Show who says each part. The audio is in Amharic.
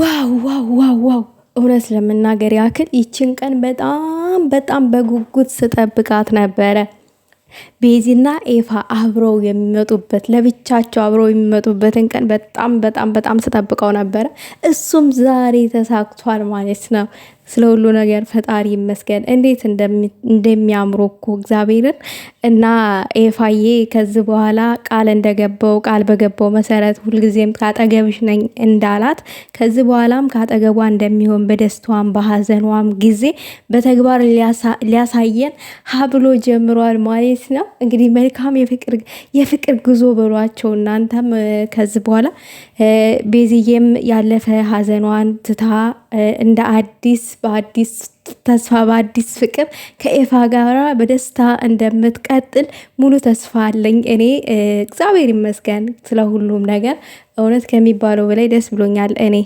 Speaker 1: ዋው ዋው ዋው ዋው እውነት ለመናገር ያክል ይችን ቀን በጣም በጣም በጉጉት ስጠብቃት ነበረ። ቤዚና ኤፋ አብረው የሚመጡበት ለብቻቸው አብረው የሚመጡበትን ቀን በጣም በጣም በጣም ስጠብቀው ነበረ። እሱም ዛሬ ተሳክቷል ማለት ነው። ስለ ሁሉ ነገር ፈጣሪ ይመስገን። እንዴት እንደሚያምሩ እኮ እግዚአብሔርን እና ኤፋዬ፣ ከዚህ በኋላ ቃል እንደገባው ቃል በገባው መሰረት ሁልጊዜም ካጠገብሽ ነኝ እንዳላት ከዚህ በኋላም ካጠገቧ እንደሚሆን በደስታዋም በሐዘኗም ጊዜ በተግባር ሊያሳየን ሀብሎ ጀምሯል ማለት ማለት ነው። እንግዲህ መልካም የፍቅር ጉዞ በሏቸው እናንተም። ከዚህ በኋላ ቤዝዬም ያለፈ ሀዘኗን ትታ እንደ አዲስ በአዲስ ተስፋ በአዲስ ፍቅር ከኤፋ ጋራ በደስታ እንደምትቀጥል ሙሉ ተስፋ አለኝ። እኔ እግዚአብሔር ይመስገን ስለ ሁሉም ነገር እውነት ከሚባለው በላይ ደስ ብሎኛል እኔ